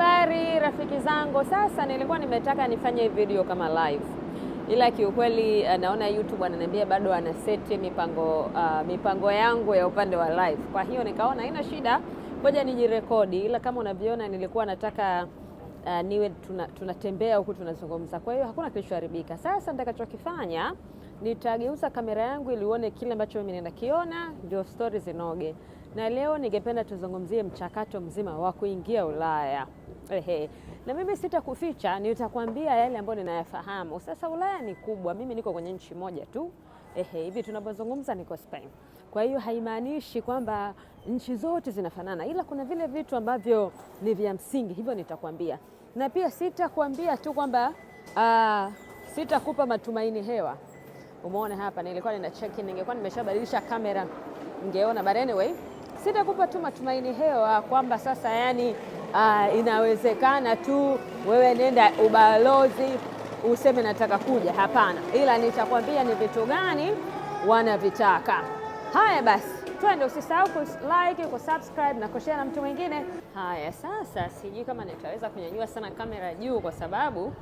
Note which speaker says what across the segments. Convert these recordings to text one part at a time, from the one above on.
Speaker 1: habari rafiki zangu. Sasa nilikuwa nimetaka nifanye video kama live, ila kiukweli eh, naona YouTube ananiambia bado ana seti mipango uh, mipango yangu ya upande wa live. Kwa hiyo nikaona haina shida, ngoja nijirekodi, ila kama unavyoona nilikuwa nataka uh, niwe tunatembea tuna huku tunazungumza, kwa hiyo hakuna kilichoharibika. Sasa nitakachokifanya nitageuza kamera yangu ili uone kile ambacho mimi ninakiona, ndio stories zinoge. Na leo ningependa tuzungumzie mchakato mzima wa kuingia Ulaya. Ehe, na mimi sitakuficha, nitakwambia yale ambayo ninayafahamu. Sasa Ulaya ni kubwa, mimi niko kwenye nchi moja tu. Ehe, hivi tunapozungumza niko Spain. Kwa hiyo haimaanishi kwamba nchi zote zinafanana, ila kuna vile vitu ambavyo ni vya msingi, hivyo nitakwambia. Na pia sitakwambia tu kwamba ah, sitakupa matumaini hewa. Umeona hapa, nilikuwa nina check in, ningekuwa nimeshabadilisha kamera, ningeona but anyway, sitakupa tu matumaini hewa kwamba sasa yani uh, inawezekana tu wewe nenda ubalozi useme nataka kuja. Hapana, ila nitakwambia ni vitu gani wanavitaka. Haya basi, twende. Usisahau ku like ku subscribe na kushare na mtu mwingine. Haya sasa, sijui kama nitaweza kunyanyua sana kamera juu, kwa sababu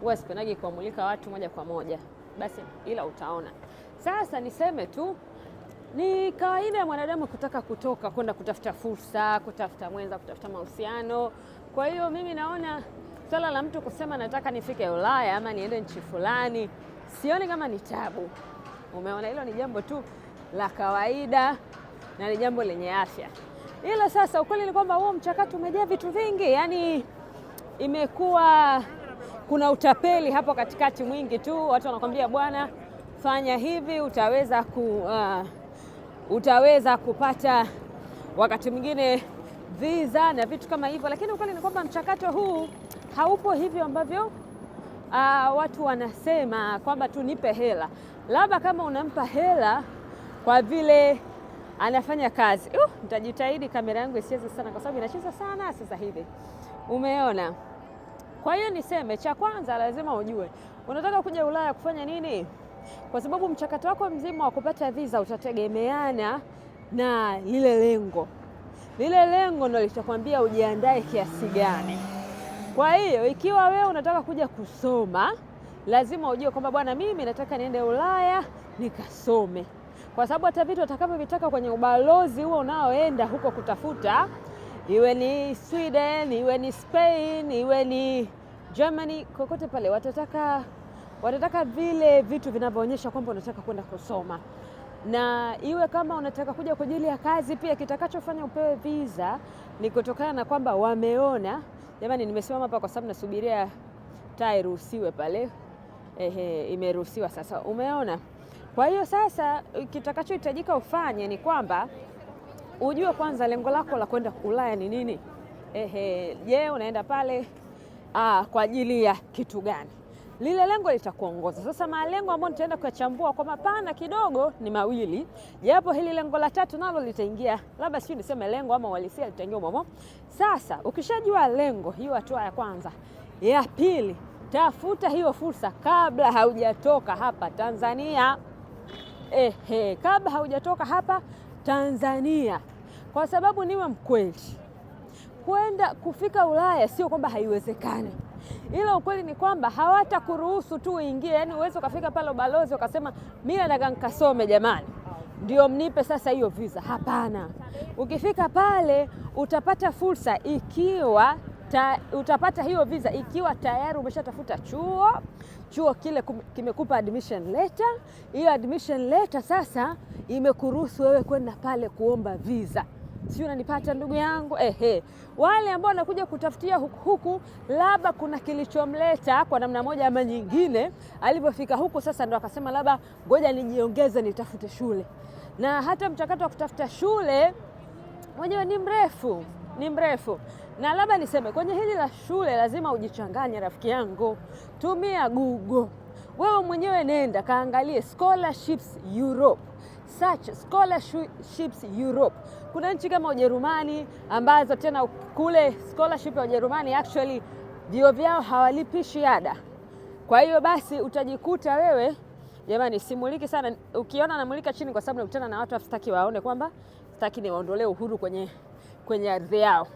Speaker 1: huwa sipendaji kuwamulika watu moja kwa moja, basi ila utaona sasa. Niseme tu ni kawaida ya mwanadamu kutaka kutoka kwenda kutafuta fursa, kutafuta mwenza, kutafuta mahusiano. Kwa hiyo mimi naona swala la mtu kusema nataka nifike Ulaya ama niende nchi fulani, sioni kama ni tabu. Umeona, hilo ni jambo tu la kawaida na ni jambo lenye afya. Ila sasa ukweli ni kwamba huo mchakato umejaa vitu vingi, yaani imekuwa kuna utapeli hapo katikati mwingi tu. Watu wanakwambia bwana, fanya hivi utaweza ku uh, utaweza kupata wakati mwingine visa na vitu kama hivyo, lakini ukweli ni kwamba mchakato huu haupo hivyo ambavyo Uh, watu wanasema kwamba tu nipe hela, labda kama unampa hela kwa vile anafanya kazi. Uh, nitajitahidi kamera yangu isicheze sana, kwa sababu inacheza sana sasa hivi, umeona. Kwa hiyo niseme, cha kwanza lazima ujue unataka kuja Ulaya kufanya nini kwa sababu mchakato wako mzima wa kupata visa utategemeana na lile lengo. Lile lengo ndo litakwambia ujiandae kiasi gani. Kwa hiyo ikiwa wewe unataka kuja kusoma, lazima ujue kwamba bwana, mimi nataka niende Ulaya nikasome, kwa sababu hata vitu atakavyovitaka kwenye ubalozi huo unaoenda huko kutafuta, iwe ni Sweden, iwe ni Spain, iwe ni Germany, kokote pale watataka Wanataka vile vitu vinavyoonyesha kwamba unataka kwenda kusoma, na iwe kama unataka kuja kwa ajili ya kazi pia, kitakachofanya upewe visa ni kutokana na kwamba wameona. Jamani, nimesimama hapa kwa sababu nasubiria taa iruhusiwe pale. Ehe, imeruhusiwa sasa, umeona. Kwa hiyo sasa kitakachohitajika ufanye ni kwamba ujue kwanza lengo lako la kwenda Ulaya ni nini. Ehe, je, unaenda pale aa, ah, kwa ajili ya kitu gani? lile lengo litakuongoza. Sasa malengo ambayo nitaenda kuyachambua kwa mapana kidogo ni mawili, japo hili lengo la tatu nalo litaingia, labda sio niseme lengo ama walisia litaingia umomo. Sasa ukishajua lengo, hiyo hatua ya kwanza. Ya pili, tafuta hiyo fursa kabla haujatoka hapa Tanzania. Ehe, kabla haujatoka hapa Tanzania, kwa sababu niwe mkweli, kwenda kufika Ulaya sio kwamba haiwezekani ila ukweli ni kwamba hawatakuruhusu tu uingie. Yani uweze ukafika pale ubalozi ukasema mimi nataka nikasome jamani, ndio mnipe sasa hiyo visa. Hapana, ukifika pale utapata fursa ikiwa ta, utapata hiyo visa ikiwa tayari umeshatafuta chuo, chuo kile kimekupa admission letter. Hiyo admission letter sasa imekuruhusu wewe kwenda pale kuomba visa sijui unanipata ndugu yangu ehe. Wale ambao wanakuja kutafutia huku, huku labda kuna kilichomleta kwa namna moja ama nyingine, alipofika huku sasa ndo akasema labda ngoja nijiongeze nitafute shule, na hata mchakato wa kutafuta shule mwenyewe ni mrefu ni mrefu na labda niseme kwenye hili la shule lazima ujichanganye, rafiki yangu. Tumia Google wewe mwenyewe, nenda kaangalie scholarships Europe such scholarships Europe. Kuna nchi kama Ujerumani ambazo tena kule scholarship ya Ujerumani actually vio vyao hawalipishi ada. Kwa hiyo basi utajikuta wewe jamani, simuliki sana. Ukiona namulika chini, kwa sababu nakutana na watu sitaki waone kwamba sitaki niwaondolee uhuru kwenye, kwenye ardhi yao,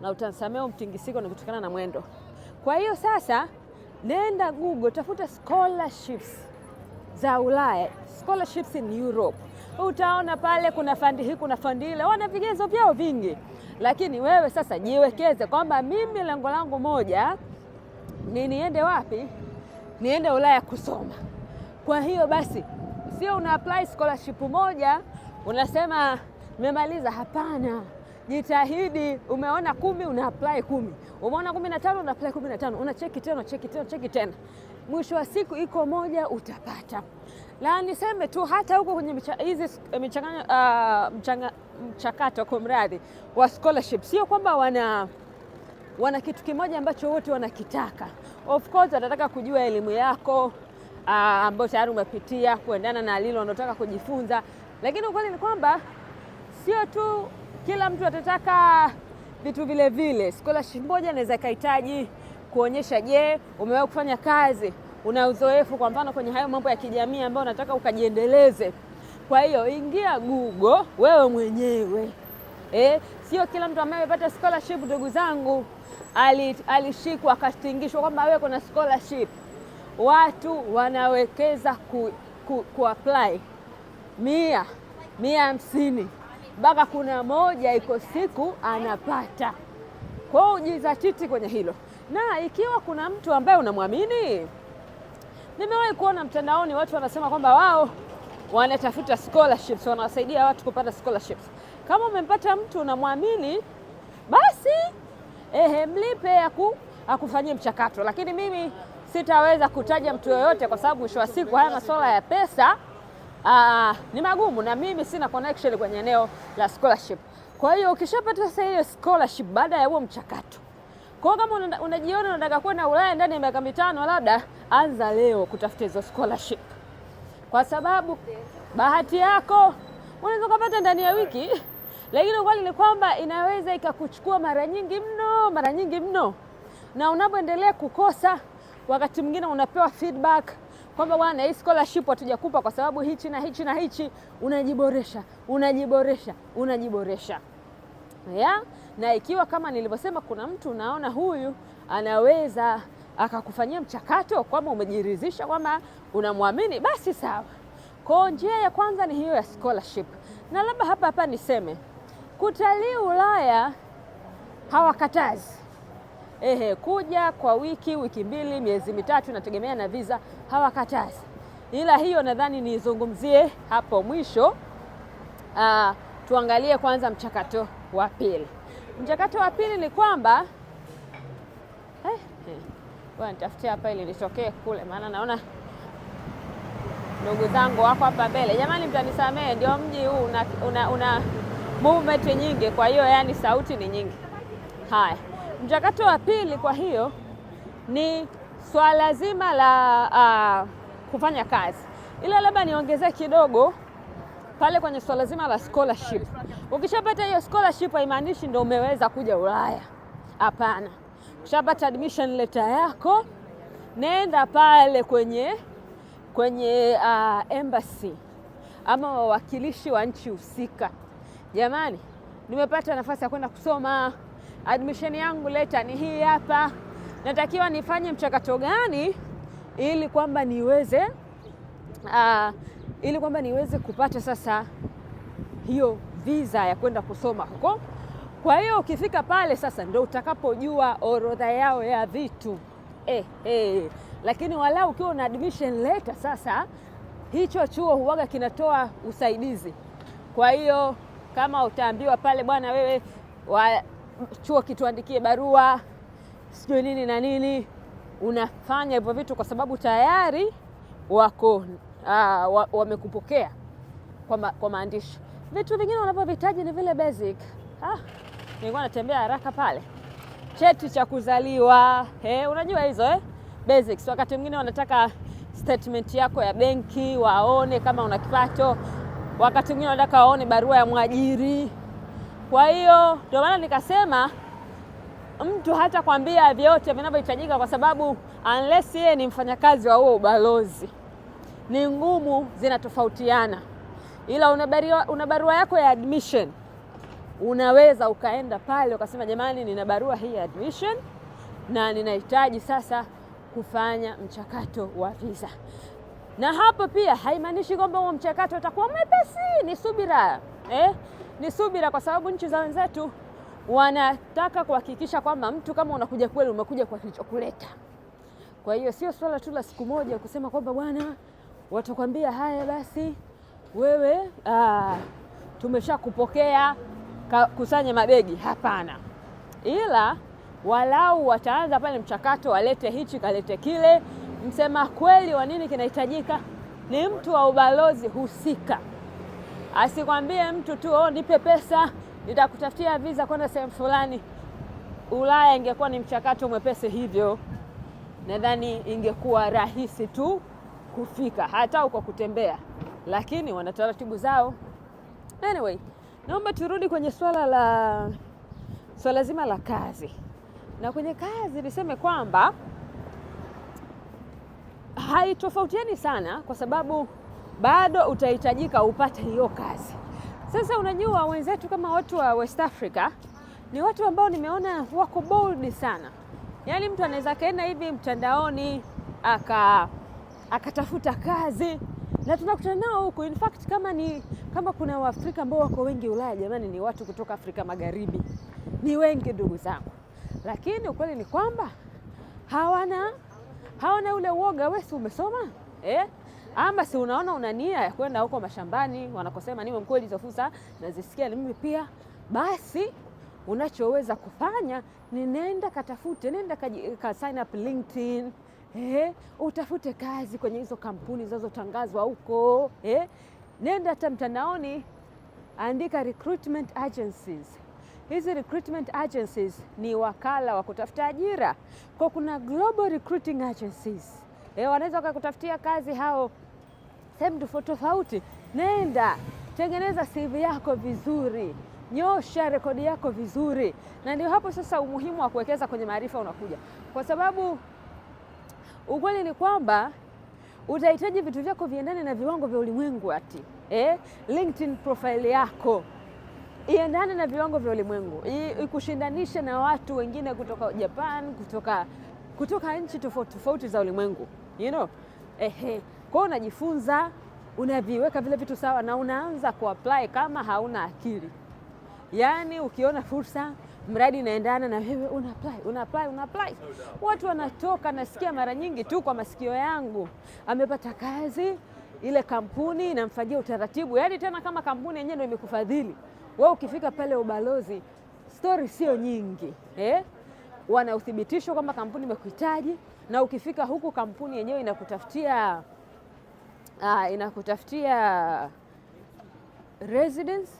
Speaker 1: na utansamea mtingisiko ni kutokana na mwendo. Kwa hiyo sasa nenda Google, tafuta scholarships za Ulaya, scholarships in Europe. Utaona pale kuna fundi hii, kuna fundi ile, wana vigezo vyao vingi, lakini wewe sasa jiwekeze kwamba mimi lengo langu moja ni niende wapi? Niende Ulaya kusoma. Kwa hiyo basi, sio una apply scholarship moja unasema nimemaliza. Hapana jitahidi. Umeona kumi una apply kumi, umeona kumi na tano una apply kumi na tano, una cheki tena, cheki tena, cheki tena, mwisho wa siku iko moja utapata. La, niseme tu hata huko kwenye hizi ah, mchakato kwa mradhi wa scholarship, sio kwamba wana wana kitu kimoja ambacho wote wanakitaka. Of course watataka kujua elimu yako ah, ambayo tayari umepitia kuendana na lilo wanaotaka kujifunza, lakini ukweli ni kwamba sio tu kila mtu atataka vitu vile vile. Scholarship moja inaweza ikahitaji kuonyesha, je, umewahi kufanya kazi, una uzoefu, kwa mfano kwenye hayo mambo ya kijamii ambayo unataka ukajiendeleze. Kwa hiyo ingia Google wewe mwenyewe eh, sio kila mtu ambaye amepata scholarship, ndugu zangu, alishikwa akatingishwa kwamba wewe kuna scholarship. Watu wanawekeza ku, ku, ku apply mia mia hamsini mpaka kuna moja iko siku anapata. Kwa hiyo ujizatiti kwenye hilo, na ikiwa kuna mtu ambaye unamwamini. Nimewahi kuona mtandaoni watu wanasema kwamba wao wanatafuta scholarships, wanawasaidia watu kupata scholarships. Kama umempata mtu unamwamini, basi ehe, mlipe aku, akufanyie mchakato, lakini mimi sitaweza kutaja mtu yoyote kwa sababu mwisho wa siku haya masuala ya pesa uh, ni magumu, na mimi sina connection kwenye eneo la scholarship. Kwa hiyo ukishapata sasa hiyo scholarship baada ya huo mchakato kwa hiyo kama unajiona unataka kwenda Ulaya ndani ya miaka mitano, labda anza leo kutafuta hizo scholarship, kwa sababu bahati yako unaweza ukapata ndani ya wiki, lakini ukweli ni kwamba inaweza ikakuchukua mara nyingi mno, mara nyingi mno, na unapoendelea kukosa, wakati mwingine unapewa feedback kwamba bwana, hii scholarship hatujakupa kwa sababu hichi na hichi na hichi. Unajiboresha, unajiboresha, unajiboresha ya na ikiwa kama nilivyosema, kuna mtu unaona huyu anaweza akakufanyia mchakato kwamba umejiridhisha kwamba unamwamini, basi sawa. Kwa njia ya kwanza ni hiyo ya scholarship, na labda hapa hapa niseme kutalii Ulaya hawakatazi ehe, kuja kwa wiki, wiki mbili, miezi mitatu, inategemea na visa, hawakatazi. Ila hiyo nadhani nizungumzie hapo mwisho. Uh, tuangalie kwanza mchakato wa pili. Mchakato wa pili ni kwamba eh, eh, nitafutia hapa ili nitokee kule, maana naona ndugu zangu wako hapa mbele. Jamani, mtanisamehe, ndio mji huu una, una, una movement nyingi, kwa hiyo yani sauti ni nyingi. Haya. Mchakato wa pili kwa hiyo ni swala zima la uh, kufanya kazi, ila labda niongezee kidogo pale kwenye swala zima la scholarship. Ukishapata hiyo scholarship haimaanishi ndio umeweza kuja Ulaya, hapana. Ukishapata admission letter yako, nenda pale kwenye, kwenye uh, embassy ama wawakilishi wa nchi husika, jamani, nimepata nafasi ya kwenda kusoma admission yangu leta ni hii hapa, natakiwa nifanye mchakato gani ili kwamba niweze uh, ili kwamba niweze kupata sasa hiyo visa ya kwenda kusoma huko. Kwa hiyo ukifika pale sasa ndo utakapojua orodha yao ya vitu eh, eh. Lakini walau ukiwa na admission letter sasa, hicho chuo huwaga kinatoa usaidizi. Kwa hiyo kama utaambiwa pale, bwana wewe wa, chuo kituandikie barua sijui nini na nini. Unafanya hivyo vitu kwa sababu tayari wako aa, ah, wa, wamekupokea kwa, kwa maandishi. Vitu vingine wanavyohitaji ni vile basic. Ah, nilikuwa natembea haraka pale, cheti cha kuzaliwa eh, unajua hizo eh? Basics. Wakati mwingine wanataka statement yako ya benki waone kama una kipato, wakati mwingine wanataka waone barua ya mwajiri kwa hiyo ndio maana nikasema mtu hata kwambia vyote vinavyohitajika kwa sababu unless yeye ni mfanyakazi wa huo ubalozi, ni ngumu, zinatofautiana, ila una barua yako ya admission unaweza ukaenda pale ukasema, jamani, nina barua hii ya admission na ninahitaji sasa kufanya mchakato wa visa. Na hapo pia haimaanishi kwamba huo mchakato utakuwa mwepesi, ni subira eh? ni subira, kwa sababu nchi za wenzetu wanataka kuhakikisha kwamba mtu kama unakuja kweli umekuja kwa kilichokuleta. Kwa hiyo sio swala tu la siku moja kusema kwamba bwana, watakwambia haya basi wewe aa, ah, tumesha kupokea kusanya mabegi. Hapana, ila walau wataanza pale mchakato, walete hichi kalete kile. Msema kweli wa nini kinahitajika ni mtu wa ubalozi husika. Asikwambie mtu tu oh, nipe pesa nitakutafutia visa kwenda sehemu fulani. Ulaya ingekuwa ni mchakato mwepesi hivyo, nadhani ingekuwa rahisi tu kufika hata uko kutembea, lakini wana taratibu zao. Anyway, naomba turudi kwenye swala la swala zima la kazi, na kwenye kazi niseme kwamba haitofautiani sana kwa sababu bado utahitajika upate hiyo kazi. Sasa unajua wenzetu kama watu wa West Africa ni watu ambao nimeona wako bold sana, yaani mtu anaweza kaenda hivi mtandaoni aka akatafuta kazi na tunakutana nao huku In fact kama ni kama kuna Waafrika ambao wako wengi Ulaya, jamani, ni watu kutoka Afrika Magharibi, ni wengi ndugu zangu, lakini ukweli ni kwamba hawana hawana ule uoga, wewe umesoma eh? ama si unaona una nia ya kwenda huko mashambani wanakosema niwe mkweli, hizo fursa nazisikia mimi pia, basi unachoweza kufanya ni nenda katafute, nenda ka sign up LinkedIn. Eh, utafute kazi kwenye hizo kampuni zinazotangazwa huko eh, nenda hata mtandaoni, andika recruitment agencies. Hizi recruitment agencies ni wakala wa kutafuta ajira, kwa kuna global recruiting agencies e, wanaweza wakakutafutia kazi hao sehemu tofauti tofauti. Nenda tengeneza CV yako vizuri, nyosha rekodi yako vizuri, na ndio hapo sasa umuhimu wa kuwekeza kwenye maarifa unakuja, kwa sababu ukweli ni kwamba utahitaji vitu vyako viendane na viwango vya ulimwengu. Ati eh, LinkedIn profile yako iendane na viwango vya ulimwengu, ikushindanishe na watu wengine kutoka Japan, kutoka, kutoka nchi tofauti tofauti za ulimwengu you know? Ehe, kwa hiyo unajifunza, unaviweka vile vitu sawa, na unaanza kuapply kama hauna akili. Yaani ukiona fursa mradi unaendana na wewe una apply, una apply, una apply. Watu wanatoka, nasikia mara nyingi tu kwa masikio yangu, amepata kazi ile kampuni inamfanyia utaratibu, yaani tena kama kampuni yenyewe ndio imekufadhili wewe. Ukifika pale ubalozi, stori sio nyingi eh? Wana uthibitisho kwamba kampuni imekuhitaji, na ukifika huku kampuni yenyewe inakutafutia uh, inakutafutia residence,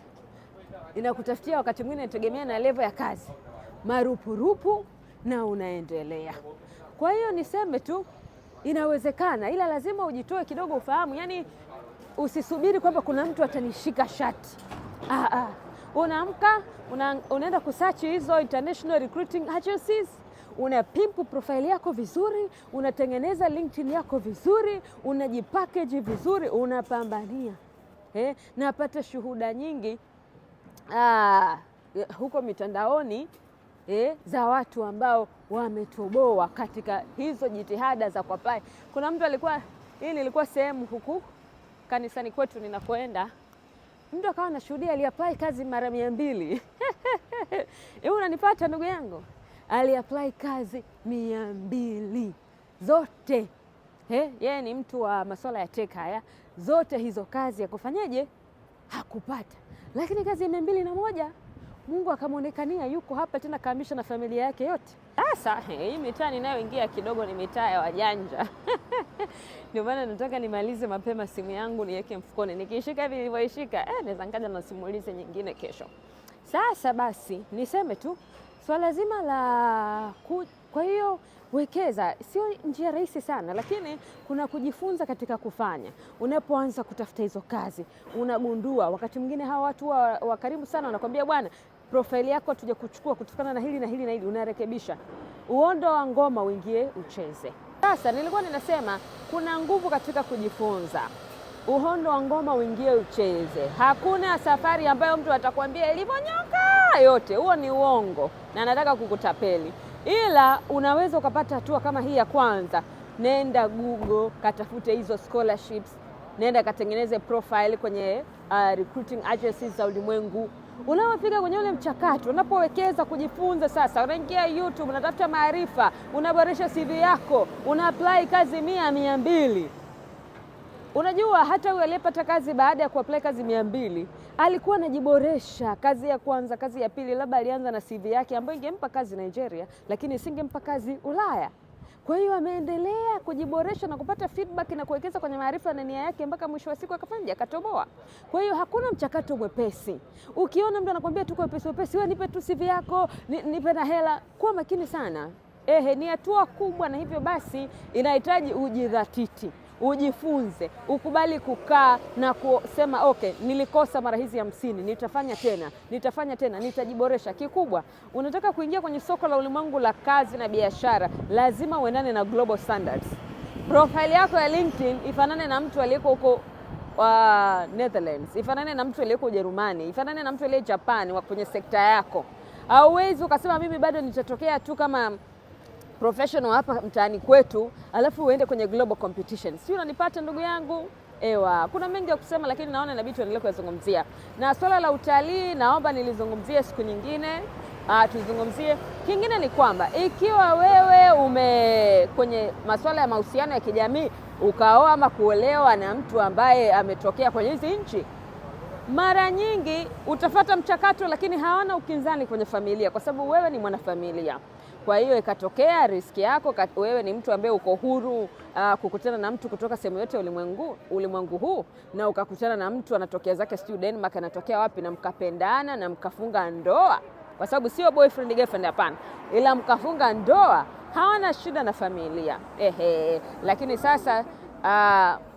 Speaker 1: inakutafutia wakati mwingine inategemea na level ya kazi, marupurupu na unaendelea. Kwa hiyo niseme tu inawezekana, ila lazima ujitoe kidogo, ufahamu yani, usisubiri kwamba kuna mtu atanishika shati ah, ah. Unaamka una, unaenda kusachi hizo international recruiting agencies unapimpu profaili yako vizuri, unatengeneza LinkedIn yako vizuri, unajipakeji vizuri, unapambania eh. Napata shuhuda nyingi ah, huko mitandaoni eh, za watu ambao wametoboa katika hizo jitihada za kwapai. Kuna mtu alikuwa hii nilikuwa sehemu huku kanisani kwetu ninakoenda mtu akawa anashuhudia aliapai kazi mara mia mbili. Eh, unanipata ndugu yangu? aliapply kazi mia mbili zote yeye ni mtu wa masuala ya tech haya, zote hizo kazi ya kufanyaje hakupata, lakini kazi ya mia mbili na moja Mungu akamwonekania yuko hapa tena, kaamisha na familia yake yote. Sasa hii mitaa ninayoingia kidogo ni mitaa ya wajanja ndio maana nataka nimalize mapema simu yangu niweke mfukoni, nikishika hivi nilivyoishika, eh, naweza na simulizi nyingine kesho. Sasa basi niseme tu Swala so, zima la ku, kwa hiyo wekeza sio njia rahisi sana, lakini kuna kujifunza katika kufanya. Unapoanza kutafuta hizo kazi, unagundua wakati mwingine hawa watu wa karibu sana wanakwambia, bwana profaili yako tuja kuchukua kutokana na hili na hili na hili, unarekebisha uondo wa ngoma uingie ucheze. Sasa nilikuwa ninasema kuna nguvu katika kujifunza uhondo wa ngoma uingie ucheze. Hakuna safari ambayo mtu atakwambia ilivyonyoka haya yote huo ni uongo na anataka kukutapeli, ila unaweza ukapata hatua kama hii ya kwanza. Nenda Google katafute hizo scholarships, nenda katengeneze profile kwenye uh, recruiting agencies za ulimwengu. Unapofika kwenye ule mchakato, unapowekeza kujifunza, sasa unaingia YouTube, unatafuta maarifa, unaboresha CV yako, una apply kazi mia mia mbili Unajua hata huyo aliyepata kazi baada ya kuapply kazi mia mbili alikuwa anajiboresha, kazi ya kwanza, kazi ya pili, labda alianza na CV yake ambayo ingempa kazi Nigeria, lakini isingempa kazi Ulaya. Kwa hiyo ameendelea kujiboresha na kupata feedback na kuwekeza kwenye maarifa na nia yake mpaka mwisho wa siku akafanya akatoboa. Kwa hiyo hakuna mchakato mwepesi. Ukiona mtu anakuambia tuko wepesi wepesi, wewe nipe tu CV yako, nipe na hela, kuwa makini sana. Ehe, ni hatua kubwa na hivyo basi inahitaji ujidhatiti ujifunze, ukubali kukaa na kusema okay, nilikosa mara hizi hamsini, nitafanya tena, nitafanya tena, nitajiboresha. Kikubwa, unataka kuingia kwenye soko la ulimwengu la kazi na biashara, lazima uendane na global standards. Profile yako ya LinkedIn ifanane na mtu aliyeko huko wa Netherlands, ifanane na mtu aliyeko Ujerumani, ifanane na mtu aliye Japan kwenye sekta yako. Hauwezi ukasema mimi bado nitatokea tu kama professional hapa mtaani kwetu, alafu uende kwenye global competition, si unanipata ndugu yangu? Ewa, kuna mengi ya kusema, lakini naona inabidi tuendelee kuyazungumzia. Na swala la utalii naomba nilizungumzie siku nyingine, ah, tuzungumzie kingine. Ni kwamba ikiwa wewe ume kwenye masuala ya mahusiano ya kijamii ukaoa ama kuolewa na mtu ambaye ametokea kwenye hizi nchi, mara nyingi utafata mchakato, lakini hawana ukinzani kwenye familia, kwa sababu wewe ni mwanafamilia. Kwa hiyo ikatokea riski yako, wewe ni mtu ambaye uko huru uh, kukutana na mtu kutoka sehemu yote ulimwengu ulimwengu huu, na ukakutana na mtu anatokea zake sijui Denmark, anatokea wapi, na mkapendana na mkafunga ndoa, kwa sababu sio boyfriend girlfriend, hapana, ila mkafunga ndoa, hawana shida na familia ehe. Lakini sasa uh,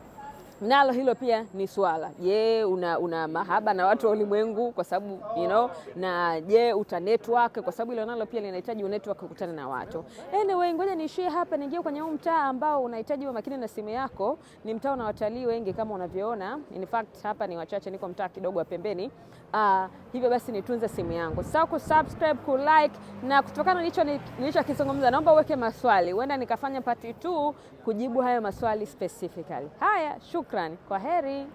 Speaker 1: nalo hilo pia ni swala. Je, una, una mahaba na watu wa ulimwengu kwa sababu you know, na je uta network kwa sababu hilo nalo pia linahitaji network kukutana na watu. Anyway, ngoja niishie hapa, ningie kwenye huu mtaa ambao unahitaji makini na simu yako. Ni mtaa una watalii wengi kama unavyoona, in fact hapa ni wachache, niko mtaa kidogo wa pembeni Uh, hivyo basi nitunze simu yangu. Sasa ku subscribe, ku like na kutokana nilicho kizungumza, naomba uweke maswali, huenda nikafanya part 2 kujibu hayo maswali specifically. Haya, shukrani, kwa heri.